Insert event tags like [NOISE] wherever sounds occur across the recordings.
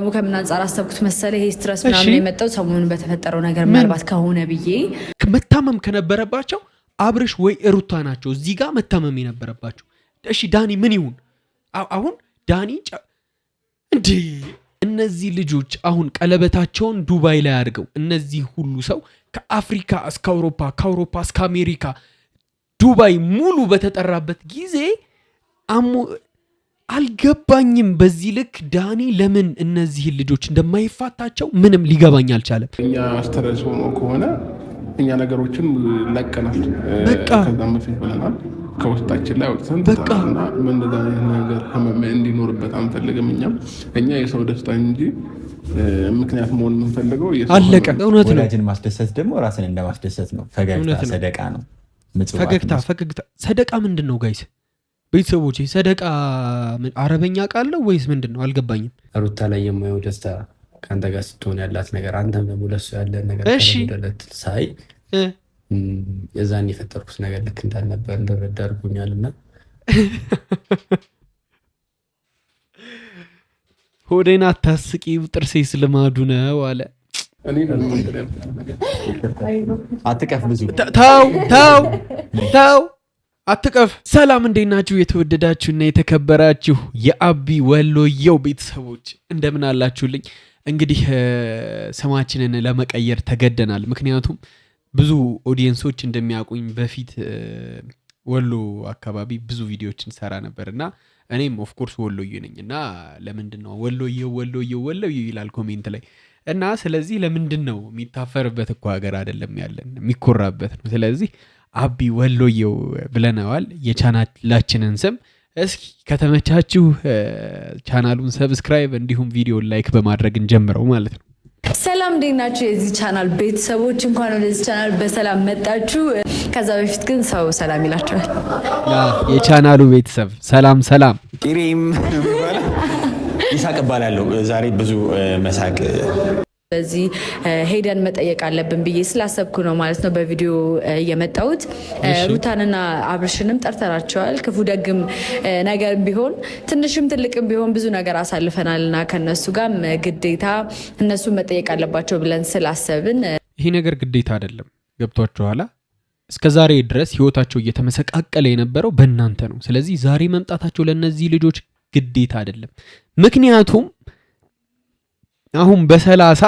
ደግሞ ከምን አንጻር አሰብኩት መሰለ ይሄ ስትረስ ምናምን የመጣው ሰሞኑን በተፈጠረው ነገር ምናልባት ከሆነ ብዬ መታመም ከነበረባቸው አብርሽ ወይ እሩታ ናቸው እዚህ ጋር መታመም የነበረባቸው። እሺ ዳኒ ምን ይሁን አሁን ዳኒ እንዴ? እነዚህ ልጆች አሁን ቀለበታቸውን ዱባይ ላይ አድርገው እነዚህ ሁሉ ሰው ከአፍሪካ እስከ አውሮፓ ከአውሮፓ እስከ አሜሪካ ዱባይ ሙሉ በተጠራበት ጊዜ አልገባኝም። በዚህ ልክ ዳኒ ለምን እነዚህን ልጆች እንደማይፋታቸው ምንም ሊገባኝ አልቻለም። እኛ አስተዳጅ ሆኖ ከሆነ እኛ ነገሮችን ለቀናል፣ በቃ ከዛም በፊት ብለናል። ከውስጣችን ላይ አውጥተን በቃና ምንዛ ነገር ህመም እንዲኖርበት አንፈልግም። እኛም እኛ የሰው ደስታ እንጂ ምክንያት መሆን የምንፈልገው አለቀ። እውነት ነው። ወዳጅን ማስደሰት ደግሞ ራስን እንደማስደሰት ነው። ፈገግታ ሰደቃ ነው። ፈገግታ ፈገግታ ሰደቃ ምንድን ነው ጋይስ? ቤተሰቦች ሰደቃ አረበኛ ቃል ነው ወይስ ምንድን ነው? አልገባኝም። ሩታ ላይ የማየው ደስታ ከአንተ ጋር ስትሆን ያላት ነገር፣ አንተም ደግሞ ለሱ ያለ ነገር ሳይ የዛን የፈጠርኩት ነገር ልክ እንዳልነበር እንደረዳ አድርጎኛል። እና [LAUGHS] ሆዴን አታስቂው ጥርሴ ልማዱ ነው አለ። አትቀፍ ብዙ ተው ተው ተው አትቀፍ። ሰላም እንዴት ናችሁ? የተወደዳችሁና የተከበራችሁ የአቢ ወሎየው ቤተሰቦች እንደምን አላችሁልኝ? እንግዲህ ስማችንን ለመቀየር ተገደናል። ምክንያቱም ብዙ ኦዲየንሶች እንደሚያውቁኝ በፊት ወሎ አካባቢ ብዙ ቪዲዮዎችን ሰራ ነበር እና እኔም ኦፍኮርስ ወሎዬ ነኝ እና ለምንድን ነው ወሎዬው ወሎዬው ወሎዬው ይላል ኮሜንት ላይ እና ስለዚህ ለምንድን ነው የሚታፈርበት እኮ ሀገር አይደለም ያለን የሚኮራበት ነው። ስለዚህ አቢ ወሎየው ብለነዋል። የቻናላችንን ስም እስኪ ከተመቻችሁ ቻናሉን ሰብስክራይብ እንዲሁም ቪዲዮን ላይክ በማድረግ እንጀምረው ማለት ነው። ሰላም እንዴት ናችሁ? የዚህ ቻናል ቤተሰቦች እንኳን ወደዚህ ቻናል በሰላም መጣችሁ። ከዛ በፊት ግን ሰው ሰላም ይላቸዋል። የቻናሉ ቤተሰብ ሰላም ሰላም። ቂሪም ይሳቅ እባላለሁ። ዛሬ ብዙ መሳቅ በዚህ ሄደን መጠየቅ አለብን ብዬ ስላሰብኩ ነው ማለት ነው በቪዲዮ የመጣሁት። ሩታንና አብርሽንም ጠርተናቸዋል። ክፉ ደግም ነገር ቢሆን ትንሽም ትልቅም ቢሆን ብዙ ነገር አሳልፈናል እና ከነሱ ጋር ግዴታ እነሱ መጠየቅ አለባቸው ብለን ስላሰብን ይሄ ነገር ግዴታ አይደለም። ገብቷቸው ኋላ እስከ ዛሬ ድረስ ህይወታቸው እየተመሰቃቀለ የነበረው በእናንተ ነው። ስለዚህ ዛሬ መምጣታቸው ለእነዚህ ልጆች ግዴታ አይደለም ምክንያቱም አሁን በሰላሳ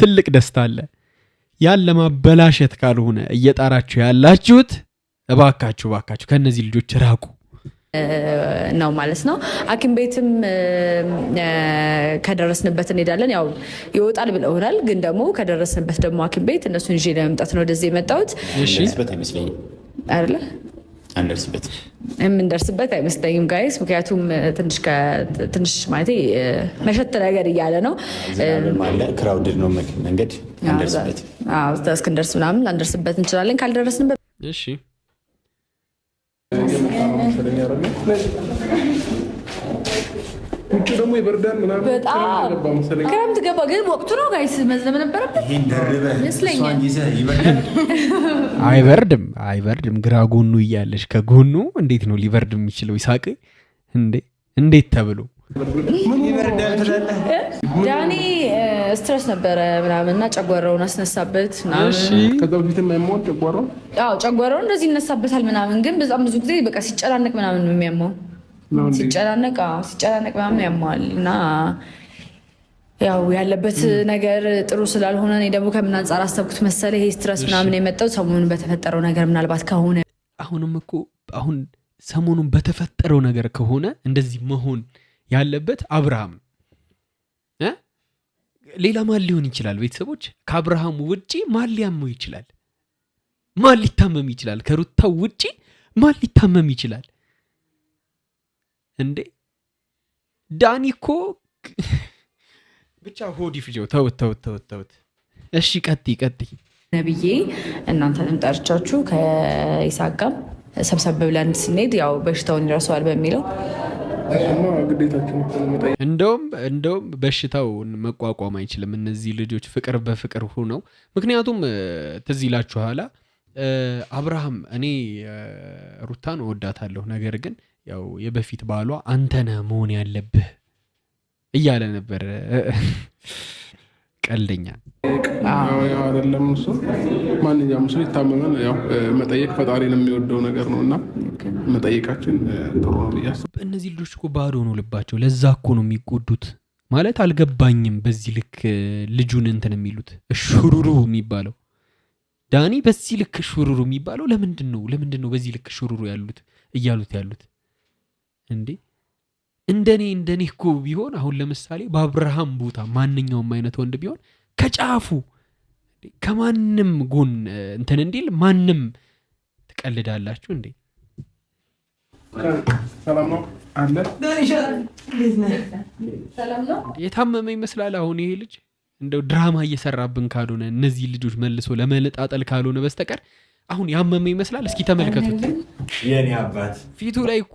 ትልቅ ደስታ አለ። ያን ለማበላሸት ካልሆነ እየጣራችሁ ያላችሁት እባካችሁ እባካችሁ ከእነዚህ ልጆች ራቁ ነው ማለት ነው። ሐኪም ቤትም ከደረስንበት እንሄዳለን። ያው ይወጣል ብለውናል፣ ግን ደግሞ ከደረስንበት ደግሞ ሐኪም ቤት እነሱን ይዤ ለመምጣት ነው ወደዚህ የመጣሁት። አንደርስበት የምንደርስበት አይመስለኝም ጋይስ። ምክንያቱም ትንሽ ማለት መሸት ነገር እያለ ነው፣ ክራውድድ ነው መንገድ። አንደርስበት እስክንደርስ ምናምን ላንደርስበት እንችላለን። ካልደረስንበት እሺ ውጭ ደግሞ ይበርዳል ምናምን። በጣም ክረምት ገባ፣ ግን ወቅቱ ነው ጋይስ፣ ነበረበት። [LAUGHS] አይበርድም አይበርድም። ግራ ጎኑ እያለች ከጎኑ እንዴት ነው ሊበርድ የሚችለው? ይሳቅ እንዴ! እንዴት ተብሎ ዳኒ ስትረስ ነበረ ምናምን እና ጨጓራውን አስነሳበት። ከዛ በፊት ጨጓራው ጨጓራው እንደዚህ ይነሳበታል ምናምን፣ ግን በጣም ብዙ ጊዜ በቃ ሲጨናነቅ ምናምን የሚያመው ሲጨናነቅ ሲጨናነቅ ምናምን ያማል እና ያው ያለበት ነገር ጥሩ ስላልሆነ እኔ ደግሞ ከምን አንጻር አሰብኩት መሰለ ይሄ ስትረስ ምናምን የመጣው ሰሞኑን በተፈጠረው ነገር ምናልባት ከሆነ አሁንም እኮ አሁን ሰሞኑን በተፈጠረው ነገር ከሆነ እንደዚህ መሆን ያለበት አብርሃም ሌላ ማን ሊሆን ይችላል? ቤተሰቦች ከአብርሃም ውጪ ማን ሊያመው ይችላል? ማን ሊታመም ይችላል? ከሩታው ውጪ ማን ሊታመም ይችላል? እንዴ ዳኒ እኮ ብቻ ሆዲ ፍጆ ተውት ተውት ተውት ተውት። እሺ ቀጥይ ቀጥይ። ነብዬ እናንተንም ጠርቻችሁ ከኢሳቅ ጋር ሰብሰብ ብለን ስንሄድ ያው በሽታውን ይረሰዋል በሚለው እንደውም እንደውም በሽታውን መቋቋም አይችልም። እነዚህ ልጆች ፍቅር በፍቅር ሆነው ምክንያቱም ትዝ ኋላ አብርሃም እኔ ሩታን እወዳታለሁ ነገር ግን ያው የበፊት ባሏ አንተነ መሆን ያለብህ እያለ ነበር። ቀልደኛ አይደለም እሱ። ማንኛውም ሰው ይታመመን ያው መጠየቅ ፈጣሪን የሚወደው ነገር ነው እና መጠየቃችን ጥሩ ነው ብዬ እነዚህ ልጆች እኮ ባዶ ነው ልባቸው። ለዛ እኮ ነው የሚጎዱት። ማለት አልገባኝም። በዚህ ልክ ልጁን እንትን የሚሉት ሹሩሩ የሚባለው ዳኒ በዚህ ልክ ሹሩሩ የሚባለው ለምንድን ነው? ለምንድን ነው በዚህ ልክ ሹሩሩ ያሉት እያሉት ያሉት እንዴ እንደኔ እንደኔ እኮ ቢሆን አሁን ለምሳሌ በአብርሃም ቦታ ማንኛውም አይነት ወንድ ቢሆን ከጫፉ ከማንም ጎን እንትን እንዲል ማንም ትቀልዳላችሁ እንዴ? ሰላም ነው አለ የታመመ ይመስላል። አሁን ይሄ ልጅ እንደው ድራማ እየሰራብን ካልሆነ እነዚህ ልጆች መልሶ ለመለጣጠል ካልሆነ በስተቀር አሁን ያመመ ይመስላል። እስኪ ተመልከቱት የኔ አባት ፊቱ ላይ እኮ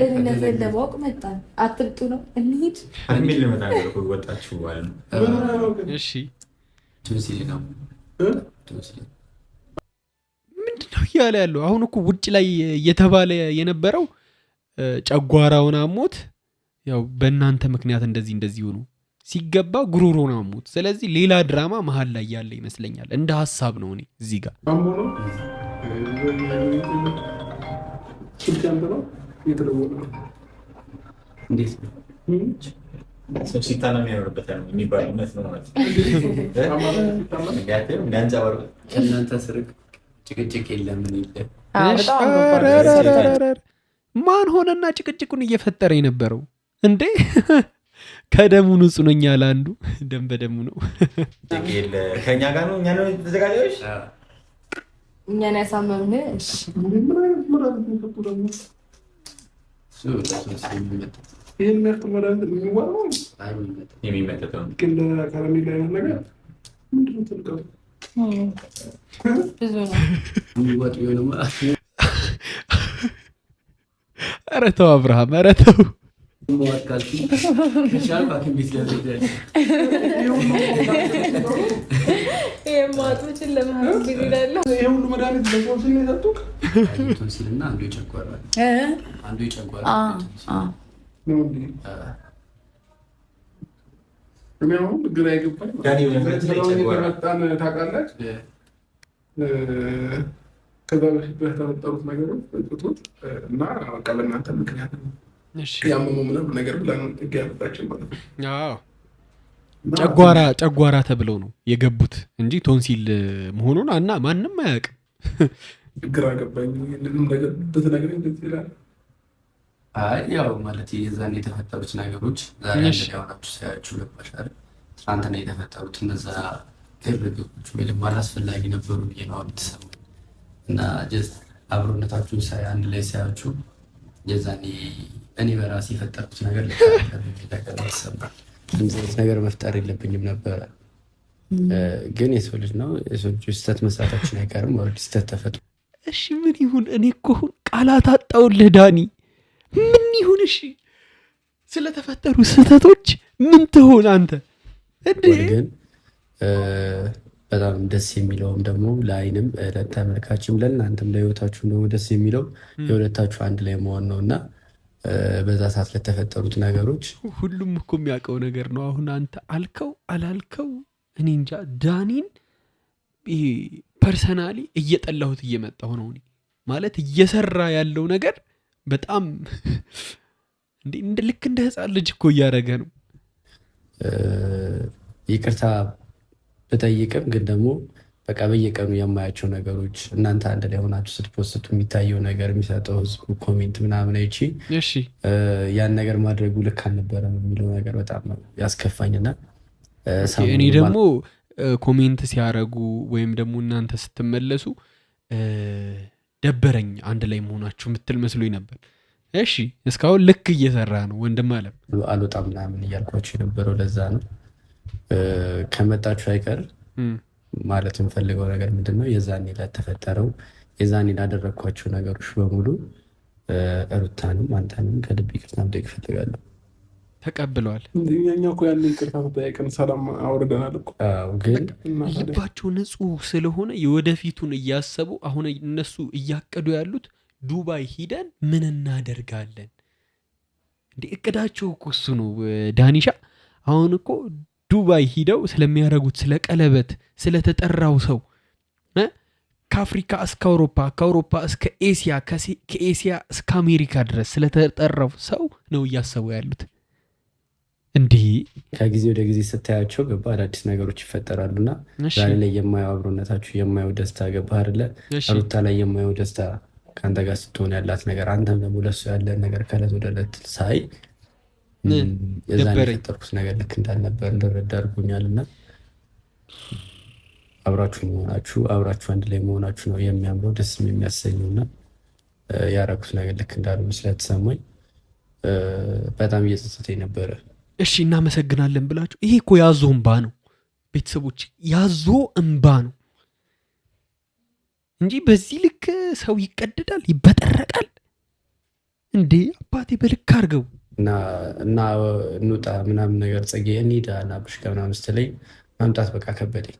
ደህንነትን ለማወቅ መጣን። አትምጡ ነው እንሂድ ሚል ልመጣ ወጣችሁ ነው። እሺ ነው እያለ ያለው? አሁን እኮ ውጭ ላይ እየተባለ የነበረው ጨጓራውን አሞት፣ ያው በእናንተ ምክንያት እንደዚህ እንደዚህ ሆኑ፣ ሲገባ ጉሮሮን አሞት። ስለዚህ ሌላ ድራማ መሀል ላይ ያለ ይመስለኛል እንደ ሀሳብ ነው እኔ እዚህ ጋር የተለወጠ እንዴት ነው? ሰው ሲታና የሚባል እውነት ነው ማለት ስርቅ ጭቅጭቅ የለም ማን ሆነና ጭቅጭቁን እየፈጠረ የነበረው እንዴ? [LAUGHS] ከደሙ ንጹህ ነኝ ያለ አንዱ ደም በደሙ ነው። ከእኛ ጋር ነው እኛ ነው እኛን ያሳመምን ይህ የሚያክል መድኃኒት የሚዋለው የሚመጠጠው ግን ከረሜላ አይነት ነገር ምንድነው? ትልቀቱ ብዙ ነው። ኧረ ተው አብርሃም፣ ኧረ ተው ሁሉ መድኃኒት ለሰው ሲል የሰጡት አንዱ አንዱ እኔ አሁን ግራ የገባኝ ታውቃለች። ከዛ በፊት በተፈጠሩት ነገሮች እና በቃ በእናንተ ምክንያት ያመመው ምናምን ነገር ብላ ያመጣችን ማለት ነው ጨጓራ ጨጓራ ተብለው ነው የገቡት እንጂ ቶንሲል መሆኑን እና ማንም አያውቅም። ግራ ገባኝ። ያው ማለት የዛን የተፈጠሩት ነገሮች ዛሬ ያሆናችሁ ሳያችሁ ለባሻል ትናንትና የተፈጠሩት እነዛ ግርግሮች ወይም አላስፈላጊ ነበሩ ብዬ ነው ተሰሙ እና አብሮነታችሁን ሳይ አንድ ላይ ሳያችሁ የዛኔ እኔ በራሴ የፈጠርኩት ነገር ተሰማል። እንደዚህ ነገር መፍጠር የለብኝም ነበረ። ግን የሰው ልጅ ነው፣ የሰው ልጅ ስህተት መስራታችን አይቀርም። ወረድ ስህተት ተፈጥሮ እሺ፣ ምን ይሁን? እኔ እኮ አሁን ቃላት አጣሁልህ ዳኒ። ምን ይሁን? እሺ፣ ስለተፈጠሩ ስህተቶች ምን ትሆን አንተ? ግን በጣም ደስ የሚለውም ደግሞ ለአይንም ለተመልካችም ለእናንተም ለህይወታችሁም ደግሞ ደስ የሚለው የሁለታችሁ አንድ ላይ መሆን ነው እና በዛ ሰዓት ለተፈጠሩት ነገሮች ሁሉም እኮ የሚያውቀው ነገር ነው። አሁን አንተ አልከው አላልከው እኔ እንጃ ዳኒን ይሄ ፐርሰናሊ እየጠላሁት እየመጣሁ ነው። እኔ ማለት እየሰራ ያለው ነገር በጣም [LAUGHS] ልክ እንደ ህፃን ልጅ እኮ እያደረገ ነው። ይቅርታ ብጠይቅም ግን ደግሞ በቃ በየቀኑ የማያቸው ነገሮች እናንተ አንድ ላይ ሆናችሁ ስትፖስቱ የሚታየው ነገር የሚሰጠው ህዝቡ ኮሜንት ምናምን አይቺ ያን ነገር ማድረጉ ልክ አልነበረም የሚለው ነገር በጣም ያስከፋኝና እኔ ደግሞ ኮሜንት ሲያረጉ ወይም ደግሞ እናንተ ስትመለሱ ደበረኝ አንድ ላይ መሆናችሁ የምትል መስሎኝ ነበር። እሺ እስካሁን ልክ እየሰራ ነው ወንድም አለም አልወጣም ምናምን እያልኳቸው የነበረው ለዛ ነው ከመጣችሁ አይቀር ማለት የምፈልገው ነገር ምንድን ነው? የዛኔ ለተፈጠረው የዛኔ ላደረግኳቸው ነገሮች በሙሉ እሩታንም አንተንም ከልብ ይቅርታ መጠየቅ እፈልጋለሁ። ተቀብለዋል። እኛ እኮ ያለ ይቅርታ መጠየቅን ሰላም አውርደናል እኮ ግን ልባቸው ንጹህ ስለሆነ የወደፊቱን እያሰቡ አሁን እነሱ እያቀዱ ያሉት ዱባይ ሂደን ምን እናደርጋለን እንዴ? እቅዳቸው እኮ እሱ ነው ዳኒሻ። አሁን እኮ ዱባይ ሂደው ስለሚያደርጉት ስለ ቀለበት ስለተጠራው ሰው ከአፍሪካ እስከ አውሮፓ ከአውሮፓ እስከ ኤስያ ከኤስያ እስከ አሜሪካ ድረስ ስለተጠራው ሰው ነው እያሰቡ ያሉት። እንዲህ ከጊዜ ወደ ጊዜ ስታያቸው ገባ አዳዲስ ነገሮች ይፈጠራሉ ይፈጠራሉና ዛሬ ላይ የማየው አብሮነታችሁ የማየው ደስታ ገባ አይደለ? ሩታ ላይ የማየው ደስታ ከአንተ ጋር ስትሆን ያላት ነገር አንተም ደግሞ ለሱ ያለን ነገር ከለት ወደለት ሳይ የዛን የፈጠርኩት ነገር ልክ እንዳልነበር እንደረዳ አድርጎኛል እና አብራችሁ መሆናችሁ አብራችሁ አንድ ላይ መሆናችሁ ነው የሚያምረው ደስም የሚያሰኘው እና ያረኩት ነገር ልክ እንዳልሆነ ስለተሰማኝ በጣም እየጸጸተኝ ነበረ። እሺ እናመሰግናለን ብላችሁ ይሄ እኮ ያዞ እምባ ነው ቤተሰቦች፣ ያዞ እምባ ነው እንጂ በዚህ ልክ ሰው ይቀደዳል፣ ይበጠረቃል እንዴ! አባቴ በልክ አድርገው እና እንውጣ ምናምን ነገር ጸጌ እንሂድ እና አብርሽ ጋር ምናምን ስትለኝ መምጣት በቃ ከበደኝ።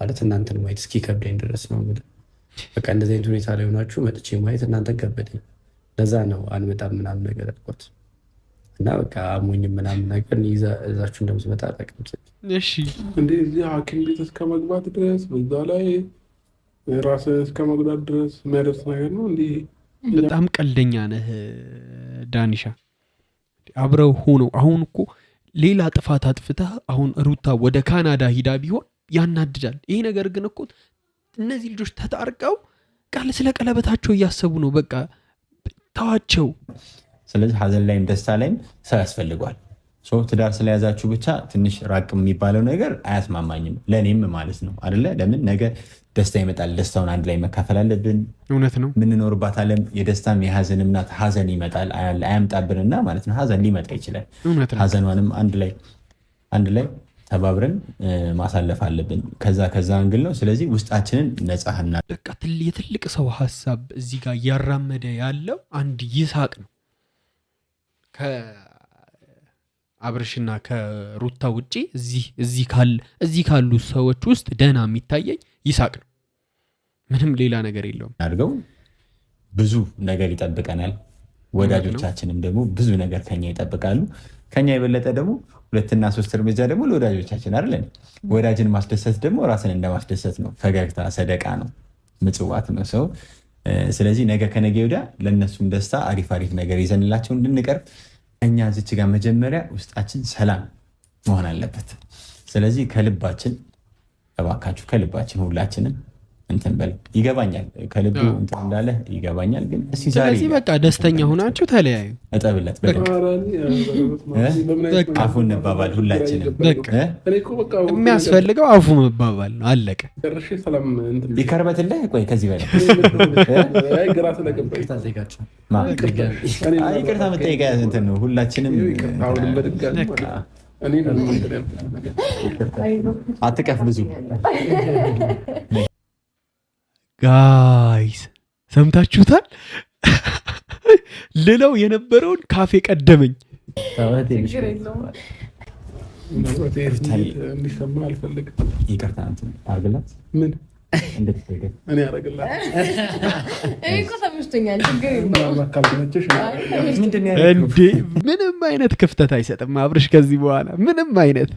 ማለት እናንተን ማየት እስኪ ከብደኝ ድረስ ነው የምልህ። በቃ እንደዚህ አይነት ሁኔታ ላይ ሆናችሁ መጥቼ ማየት እናንተን ከበደኝ። ለዛ ነው አንመጣም ምናምን ነገር ያልኳት እና በቃ አሞኝ ምናምን ነገር እዛችሁ እንደምትመጣ ጠቅም እሺ፣ እንደዚህ ሐኪም ቤት እስከ መግባት ድረስ በዛ ላይ ራስ እስከ መጉዳት ድረስ የሚያደርስ ነገር ነው። እንዲህ በጣም ቀልደኛ ነህ ዳኒሻ አብረው ሆኖ አሁን እኮ ሌላ ጥፋት አጥፍታ አሁን ሩታ ወደ ካናዳ ሂዳ ቢሆን ያናድዳል። ይሄ ነገር ግን እኮ እነዚህ ልጆች ተጣርቀው ቃል ስለ ቀለበታቸው እያሰቡ ነው። በቃ ተዋቸው። ስለዚህ ሀዘን ላይም ደስታ ላይም ሰው ያስፈልጓል። ትዳር ስለያዛችሁ ብቻ ትንሽ ራቅ የሚባለው ነገር አያስማማኝም፣ ለእኔም ማለት ነው አደለ? ለምን ነገ ደስታ ይመጣል። ደስታውን አንድ ላይ መካፈል አለብን። እውነት ነው። የምንኖርባት ዓለም የደስታም የሀዘንም ሀዘን ይመጣል አያምጣብንና ማለት ነው። ሀዘን ሊመጣ ይችላል። ሀዘኗንም አንድ ላይ አንድ ላይ ተባብረን ማሳለፍ አለብን። ከዛ ከዛ እንግል ነው። ስለዚህ ውስጣችንን ነጻህና በቃ የትልቅ ሰው ሀሳብ እዚህ ጋር እያራመደ ያለው አንድ ይሳቅ ነው። አብርሽና ከሩታ ውጪ እዚህ ካሉ ሰዎች ውስጥ ደህና የሚታየኝ ይሳቅ ነው። ምንም ሌላ ነገር የለውም። አድርገው ብዙ ነገር ይጠብቀናል። ወዳጆቻችንም ደግሞ ብዙ ነገር ከኛ ይጠብቃሉ። ከኛ የበለጠ ደግሞ ሁለትና ሶስት እርምጃ ደግሞ ለወዳጆቻችን አይደለን። ወዳጅን ማስደሰት ደግሞ ራስን እንደማስደሰት ነው። ፈገግታ ሰደቃ ነው፣ ምጽዋት ነው ሰው። ስለዚህ ነገ ከነገ ወዲያ ለእነሱም ደስታ አሪፍ አሪፍ ነገር ይዘንላቸው እንድንቀርብ እኛ ዚች ጋር መጀመሪያ ውስጣችን ሰላም መሆን አለበት። ስለዚህ ከልባችን እባካችሁ ከልባችን ሁላችንም እንትን በለው ይገባኛል፣ ከልቡ እንትን እንዳለ ይገባኛል። ግን ስለዚህ በቃ ደስተኛ ሆናችሁ ተለያዩ። እጠብለት አፉ እንባባል ሁላችንም። የሚያስፈልገው አፉ መባባል ነው። አለቀ። ይከርበትልህ። ቆይ ከዚህ በላይ ይቅርታ መጠየቂያ እንትን ነው። ሁላችንም አትቀፍ ብዙ ጋይስ ሰምታችሁታል። ልለው የነበረውን ካፌ ቀደመኝ። ምንም አይነት ክፍተት አይሰጥም አብርሽ ከዚህ በኋላ ምንም አይነት